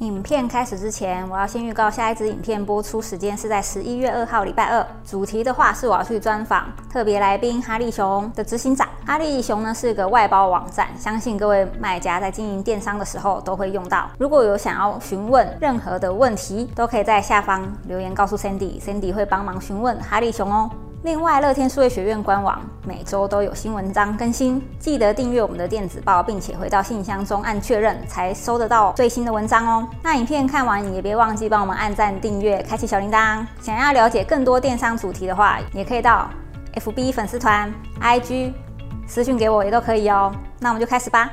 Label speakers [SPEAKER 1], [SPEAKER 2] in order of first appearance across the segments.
[SPEAKER 1] 影片開始之前，我要先預告下一支影片播出時間是在十一月二號禮拜二。主題的話是我要去專訪特別來賓哈利熊的執行長。哈利熊呢，是個外包網站，相信各位賣家在經營電商的時候都會用到。如果有想要詢問任何的問題，都可以在下方留言告訴 Sandy，Sandy 會幫忙詢問哈利熊哦。另外，樂天數位學院官網每周都有新文章更新，記得訂閱我們的電子報，並且回到信箱中按確認，才收得到最新的文章哦、喔。那影片看完，你也別忘記幫我們按讚、訂閱、開啟小鈴鐺。想要了解更多電商主題的話，也可以到 FB 粉絲團、IG 私訊給我，也都可以哦、喔。那我們就開始吧。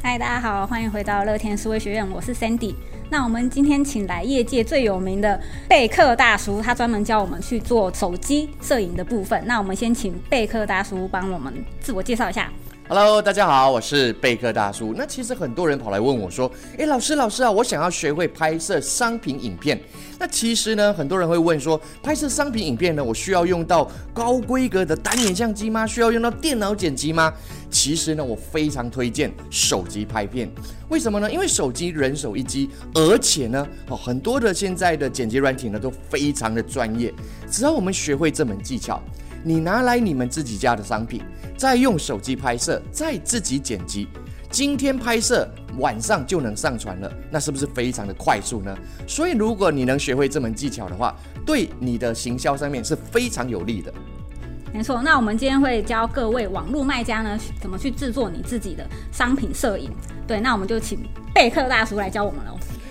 [SPEAKER 1] 嗨，大家好，歡迎回到樂天數位學院，我是 Sandy。那我們今天請來業界最有名的貝克大叔，他專門教我們去做手機攝影的部分。那我們先請貝克大叔幫我們自我介紹一下。
[SPEAKER 2] Hello，大家好，我是貝克大叔。那其實很多人跑來問我說：“誒、欸，老師，老師啊，我想要學會拍攝商品影片。”那其實呢，很多人會問說，拍攝商品影片呢，我需要用到高規格的單眼相機嗎？需要用到電腦剪輯嗎？其實呢，我非常推薦手機拍片。為什麼呢？因為手機人手一機，而且呢，哦，很多的現在的剪輯軟體呢都非常的專業。只要我們學會這門技巧，你拿來你們自己家的商品，再用手機拍攝，再自己剪輯，今天拍攝晚上就能上傳了，那是不是非常的快速呢？所以如果你能學會這門技巧的話，對你的行銷上面是非常有利的。
[SPEAKER 1] 沒錯，那我們今天會教各位網絡賣家呢，怎麼去製作你自己的商品攝影。對，那我們就請貝克大叔來教我們嘍。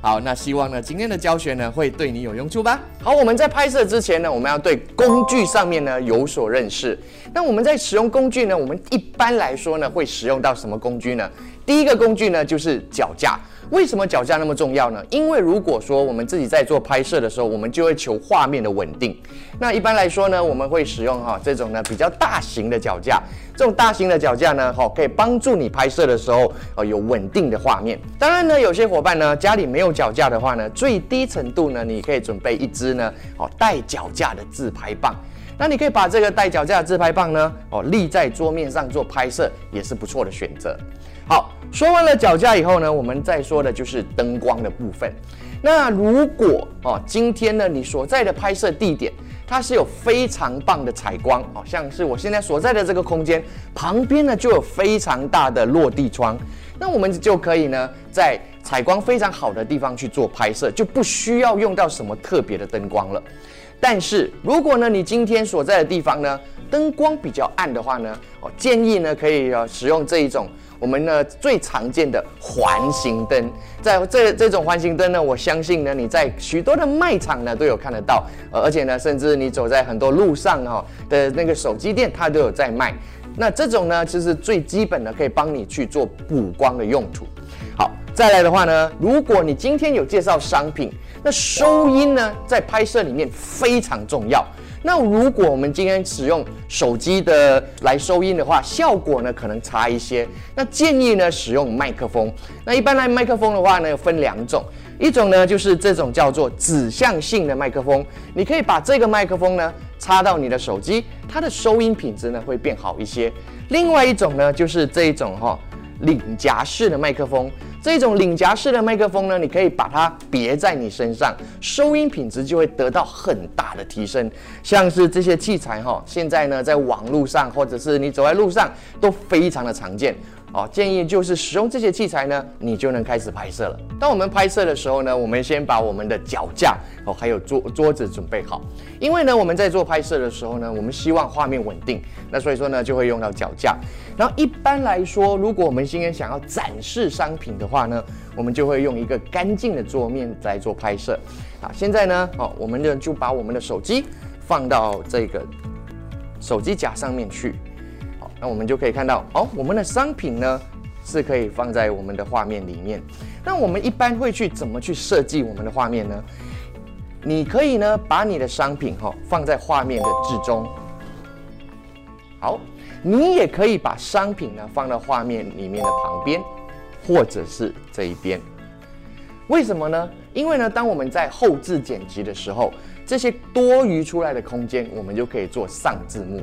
[SPEAKER 2] 好，那希望呢今天的教學呢會對你有用處吧。好，我們在拍攝之前呢，我們要對工具上面呢有所認識。那我們在使用工具呢，我們一般來說呢會使用到什麼工具呢？第一個工具呢就是腳架。為什麼腳架那麼重要呢？因為如果說我們自己在做拍攝的時候，我們就會求畫面的穩定。那一般來說呢，我們會使用哈，哦，這種呢比較大型的腳架。這種大型的腳架呢，哦，可以幫助你拍攝的時候，哦，有穩定的畫面。當然呢，有些夥伴呢家裡沒有腳架的話呢，最低程度呢，你可以準備一支呢，哦，帶腳架的自拍棒。那你可以把這個帶腳架的自拍棒呢，哦，立在桌面上做拍攝，也是不錯的選擇。好，說完了腳架以後呢，我們再說的就是燈光的部分。那如果哦，今天呢你所在的拍攝地點它是有非常棒的採光，哦，像是我現在所在的這個空間旁邊呢就有非常大的落地窗，那我們就可以呢在採光非常好的地方去做拍攝，就不需要用到什麼特別的燈光了。但是如果呢，你今天所在的地方呢，燈光比較暗的話呢，我、哦、建議呢可以、哦、使用這一種，我們呢最常見的環形燈。在這這種環形燈呢，我相信呢你在許多的賣場呢都有看得到，呃、而且呢甚至你走在很多路上哈、哦、的那個手機店它都有在賣，那這種呢其實最基本的可以幫你去做補光的用途。再來的話呢，如果你今天有介紹商品，那收音呢在拍攝裡面非常重要。那如果我們今天使用手機的來收音的話，效果呢可能差一些。那建議呢使用麥克風。那一般來麥克風的話呢分兩種，一種呢就是這種叫做指向性的麥克風，你可以把這個麥克風呢插到你的手機，它的收音品質呢會變好一些。另外一種呢就是這一種哈、哦、領夾式的麥克風。這種領夾式的麥克風呢，你可以把它別在你身上，收音品質就會得到很大的提升。像是這些器材哈哦，現在呢在網路上或者是你走在路上都非常的常見哦。建議就是使用這些器材呢，你就能開始拍攝了。當我們拍攝的時候呢，我們先把我們的腳架哦還有桌桌子準備好，因為呢我們在做拍攝的時候呢，我們希望畫面穩定，那所以說呢就會用到腳架。然後一般來說，如果我們今天想要展示商品的話，話呢，我們就會用一個乾淨的桌面來做拍攝。好、啊，現在呢，好、哦，我們呢就，就把我們的手機放到這個手機夾上面去。好、哦，那我們就可以看到，哦，我們的商品呢是可以放在我們的畫面裡面。那我們一般會去怎麼去設計我們的畫面呢？你可以呢把你的商品哈、哦、放在畫面的置中。好，你也可以把商品呢放到畫面裡面的旁邊。或者是這一邊，為什麼呢？因為呢，當我們在後置剪輯後製剪輯的時候，這些多餘出來的空間，我們就可以做上字幕。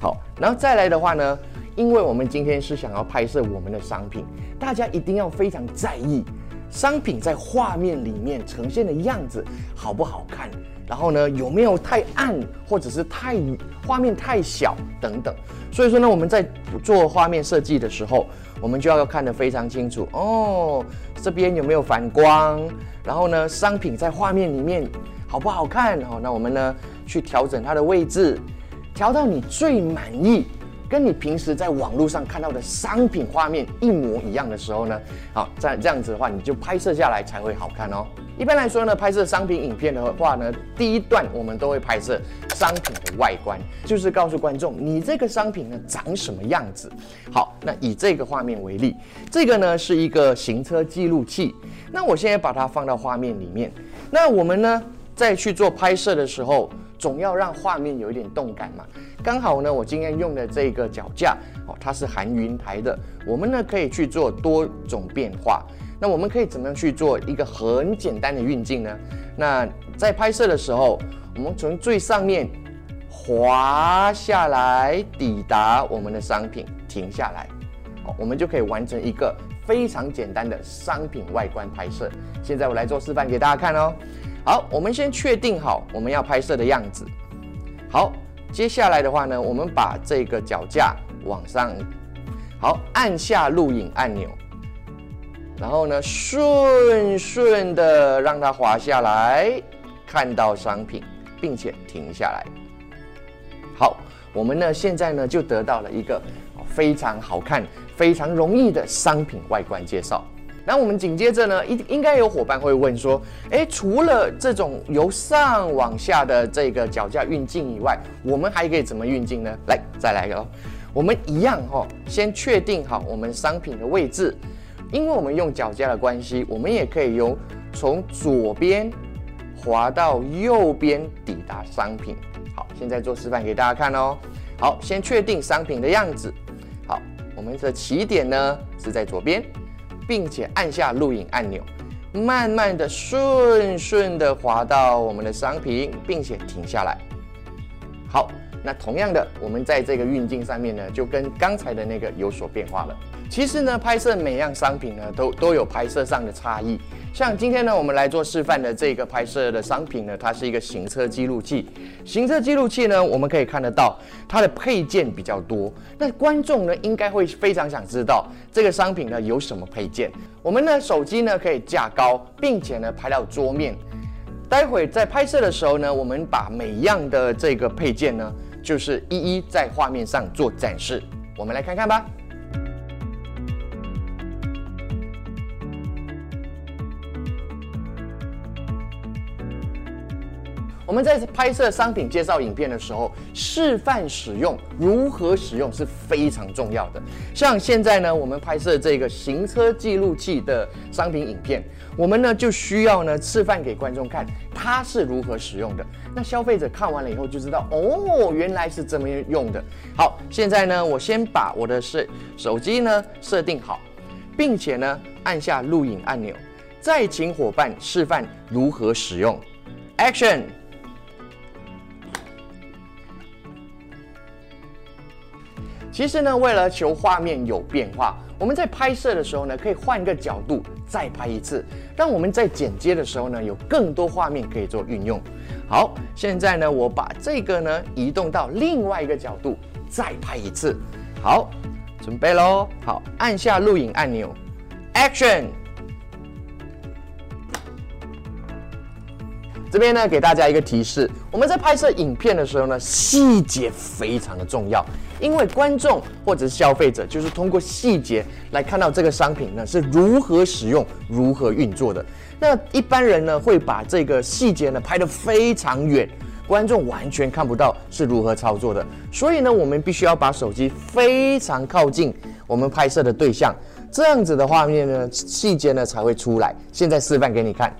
[SPEAKER 2] 好，然後再來的話呢，因為我們今天是想要拍攝我們的商品，大家一定要非常在意。商品在畫面裡面呈現的樣子好不好看？然後呢，有沒有太暗或者是太畫面太小等等？所以說呢，我們在做畫面設計的時候，我們就要看得非常清楚哦。這邊有沒有反光？然後呢，商品在畫面裡面好不好看？好，哦，那我們呢去調整它的位置，調到你最滿意。跟你平時在網絡上看到的商品畫面一模一樣的時候呢，好，這樣這樣子的話，你就拍攝下來才會好看哦。一般來說呢，拍攝商品影片的話呢，第一段我們都會拍攝商品的外觀，就是告訴觀眾你這個商品呢長什麼樣子。好，那以這個畫面為例，這個呢是一個行車記錄器，那我現在把它放到畫面裡面，那我們呢再去做拍攝的時候。總要讓畫面有一點動感嘛，剛好呢，我今天用的這個腳架哦，它是含雲台的，我們呢可以去做多種變化。那我們可以怎麼樣去做一個很簡單的運鏡呢？那在拍攝的時候，我們從最上面滑下來，抵達我們的商品，停下來，哦，我們就可以完成一個非常簡單的商品外觀拍攝。現在我來做示範給大家看哦。好，我們先確定好我們要拍攝的樣子。好，接下來的話呢，我們把這個腳架往上，好，按下錄影按鈕，然後呢，順順的讓它滑下來，看到商品，並且停下來。好，我們呢現在呢就得到了一個非常好看、非常容易的商品外觀介紹。那我們緊接着呢，應應該有夥伴會問說，誒，除了這種由上往下的這個腳架運鏡以外，我們還可以怎麼運鏡呢？來，再來一個哦，我們一樣哈、哦，先確定好我們商品的位置，因為我們用腳架的關係，我們也可以由從左邊滑到右邊抵達商品。好，現在做示範給大家看哦。好，先確定商品的樣子。好，我們的起點呢是在左邊。並且按下錄影按鈕，慢慢的、順順的滑到我們的商品，並且停下來。好，那同樣的，我們在這個運鏡上面呢，就跟剛才的那個有所變化了。其實呢，拍攝每樣商品呢，都都有拍攝上的差異。像今天呢，我們來做示範的這個拍攝的商品呢，它是一個行車記錄器。行車記錄器呢，我們可以看得到它的配件比較多。那觀眾呢，應該會非常想知道這個商品呢，有什麼配件。我們的手機呢，可以架高，並且呢拍到桌面。待會在拍攝的時候呢，我們把每樣的這個配件呢，就是一一在畫面上做展示。我們來看看吧。我們在拍攝商品介紹影片的時候，示範使用如何使用是非常重要的。像現在呢，我們拍攝這個行車記錄器的商品影片，我們呢就需要呢示範給觀眾看它是如何使用的。那消費者看完了以後就知道哦，原來是這麼用的。好，現在呢，我先把我的設手機呢設定好，並且呢按下錄影按鈕，再請夥伴示範如何使用。Action。其實呢，為了求畫面有變化，我們在拍攝的時候呢，可以換個角度再拍一次，讓我們在剪接的時候呢，有更多畫面可以做運用。好，現在呢，我把這個呢移動到另外一個角度，再拍一次。好，準備嘍。好，按下錄影按鈕，Action。這邊呢，給大家一個提示，我們在拍攝影片的時候呢，細節非常的重要。因為觀眾或者是消費者，就是通過細節來看到這個商品呢是如何使用、如何運作的。那一般人呢會把這個細節呢拍得非常遠，觀眾完全看不到是如何操作的。所以呢，我們必須要把手機非常靠近我們拍攝的對象，這樣子的畫面呢細節呢才會出來。現在示範給你看。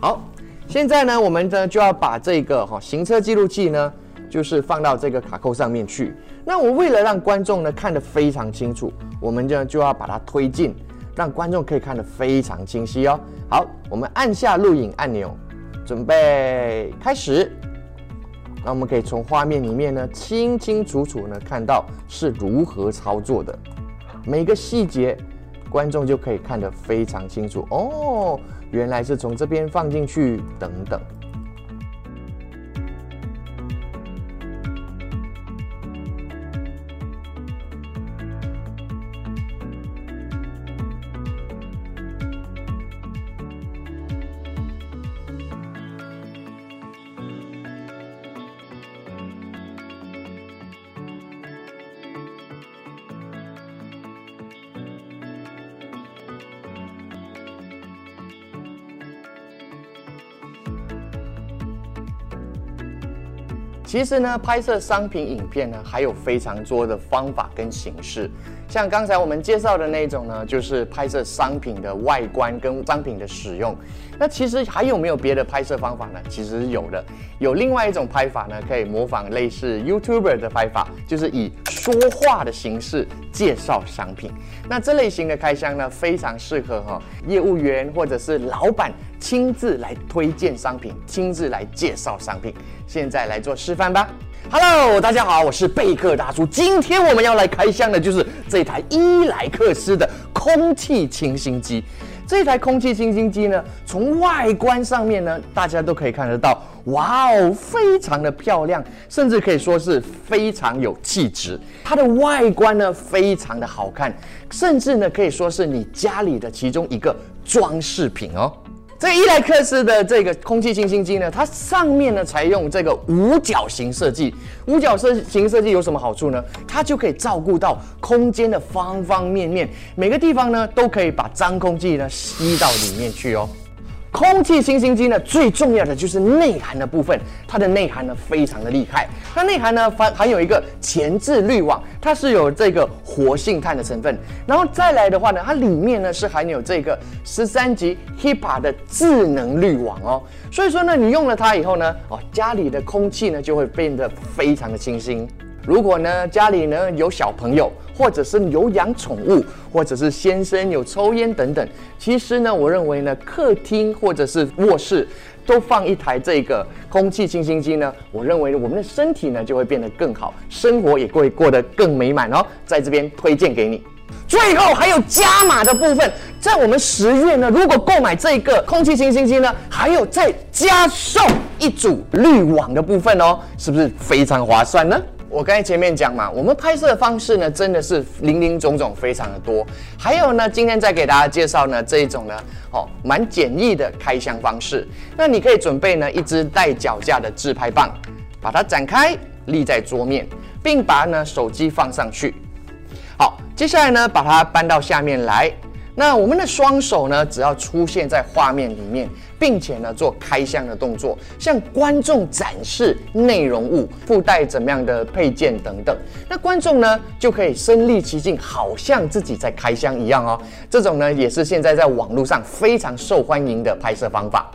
[SPEAKER 2] 好，現在呢我們呢就要把這個哈行車記錄器呢，就是放到這個卡扣上面去。那我為了讓觀眾呢看得非常清楚，我們就要把它推進，讓觀眾可以看得非常清晰哦。好，我們按下錄影按鈕，準備開始。那我們可以從畫面裡面呢清清楚楚呢看到是如何操作的，每個細節觀眾就可以看得非常清楚哦。原來是從這邊放進去，等等。其實呢，拍攝商品影片呢，還有非常多的方法跟形式。像剛才我們介紹的那一種呢，就是拍攝商品的外觀跟商品的使用。那其實還有沒有別的拍攝方法呢？其實是有的，有另外一種拍法呢，可以模仿類似 YouTuber 的拍法，就是以說話的形式介紹商品。那這類型的開箱呢，非常適合哈業務員或者是老板親自來推薦商品，親自來介紹商品。現在來做示範吧。Hello，大家好，我是貝克大叔。今天我們要來開箱的，就是這台伊萊克斯的空氣清淨機。這台空氣清淨機呢，從外觀上面呢，大家都可以看得到。哇哦，非常的漂亮，甚至可以說是非常有氣質。它的外觀呢，非常的好看，甚至呢，可以說是你家裡的其中一個裝飾品哦。這個伊萊克斯的這個空氣清新機呢，它上面呢採用這個五角形設計，五角設形設計有什麼好處呢？它就可以照顧到空間的方方面面，每個地方呢都可以把髒空氣呢吸到裡面去哦。空氣清新機呢，最重要的就是內涵的部分，它的內涵呢非常的厲害。它內涵呢含含有一個前置濾網，它是有這個活性炭的成分。然後再來的話呢，它裡面呢是含有這個十三級 HEPA 的智能濾網哦。所以說呢，你用了它以後呢，哦，家裡的空氣呢就會變得非常的清新。如果呢家裡呢有小朋友，或者是有養寵物，或者是先生有抽煙等等。其實呢，我認為呢，客廳或者是臥室都放一台這個空氣清新機呢，我認為我們的身體呢就會變得更好，生活也會過得更美滿哦。在這邊推薦給你。最後還有加碼的部分，在我們十月呢，如果購買這個空氣清新機呢，還有再加送一組濾網的部分哦，是不是非常划算呢？我剛才前面講嘛，我們拍攝的方式呢，真的是林林總總，非常的多。還有呢，今天再給大家介紹呢這一種呢，哦，蠻簡易的開箱方式。那你可以準備呢一支帶腳架的自拍棒，把它展開立在桌面，並把呢手機放上去。好，接下來呢把它搬到下面來。那我們的雙手呢，只要出現在畫面裡面，並且呢做開箱的動作，向觀眾展示內容物，附帶怎麼樣的配件等等，那觀眾呢就可以身臨其境，好像自己在開箱一樣哦。這種呢也是現在在網絡上非常受歡迎的拍攝方法。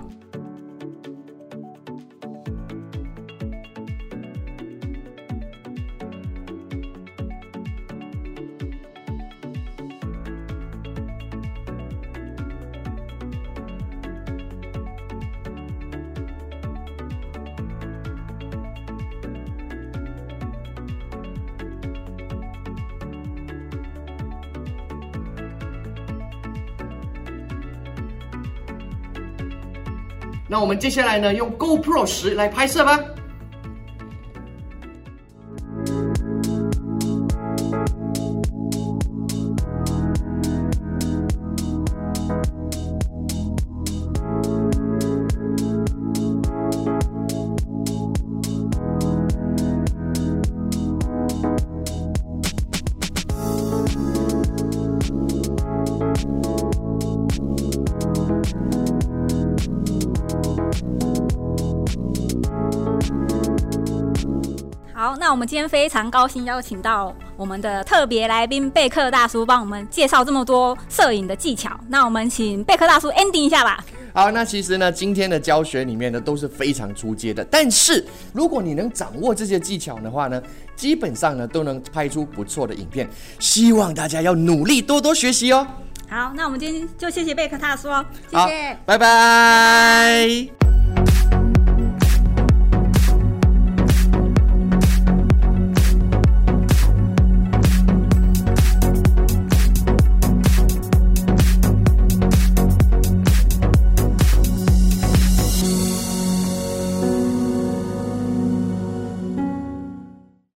[SPEAKER 2] 那我們接下來呢，用 GoPro 10來拍攝吧。
[SPEAKER 1] 那我們今天非常高興邀請到我們的特別來賓貝克大叔，幫我們介紹這麼多攝影的技巧。那我們請貝克大叔 ending 一下吧。
[SPEAKER 2] 好，那其實呢，今天的教學裡面呢都是非常初階的，但是如果你能掌握這些技巧的話呢，基本上呢都能拍出不錯的影片。希望大家要努力多多學習哦。好，
[SPEAKER 1] 那我們今天就謝謝貝克大叔，哦，謝謝，拜
[SPEAKER 2] 拜。拜拜。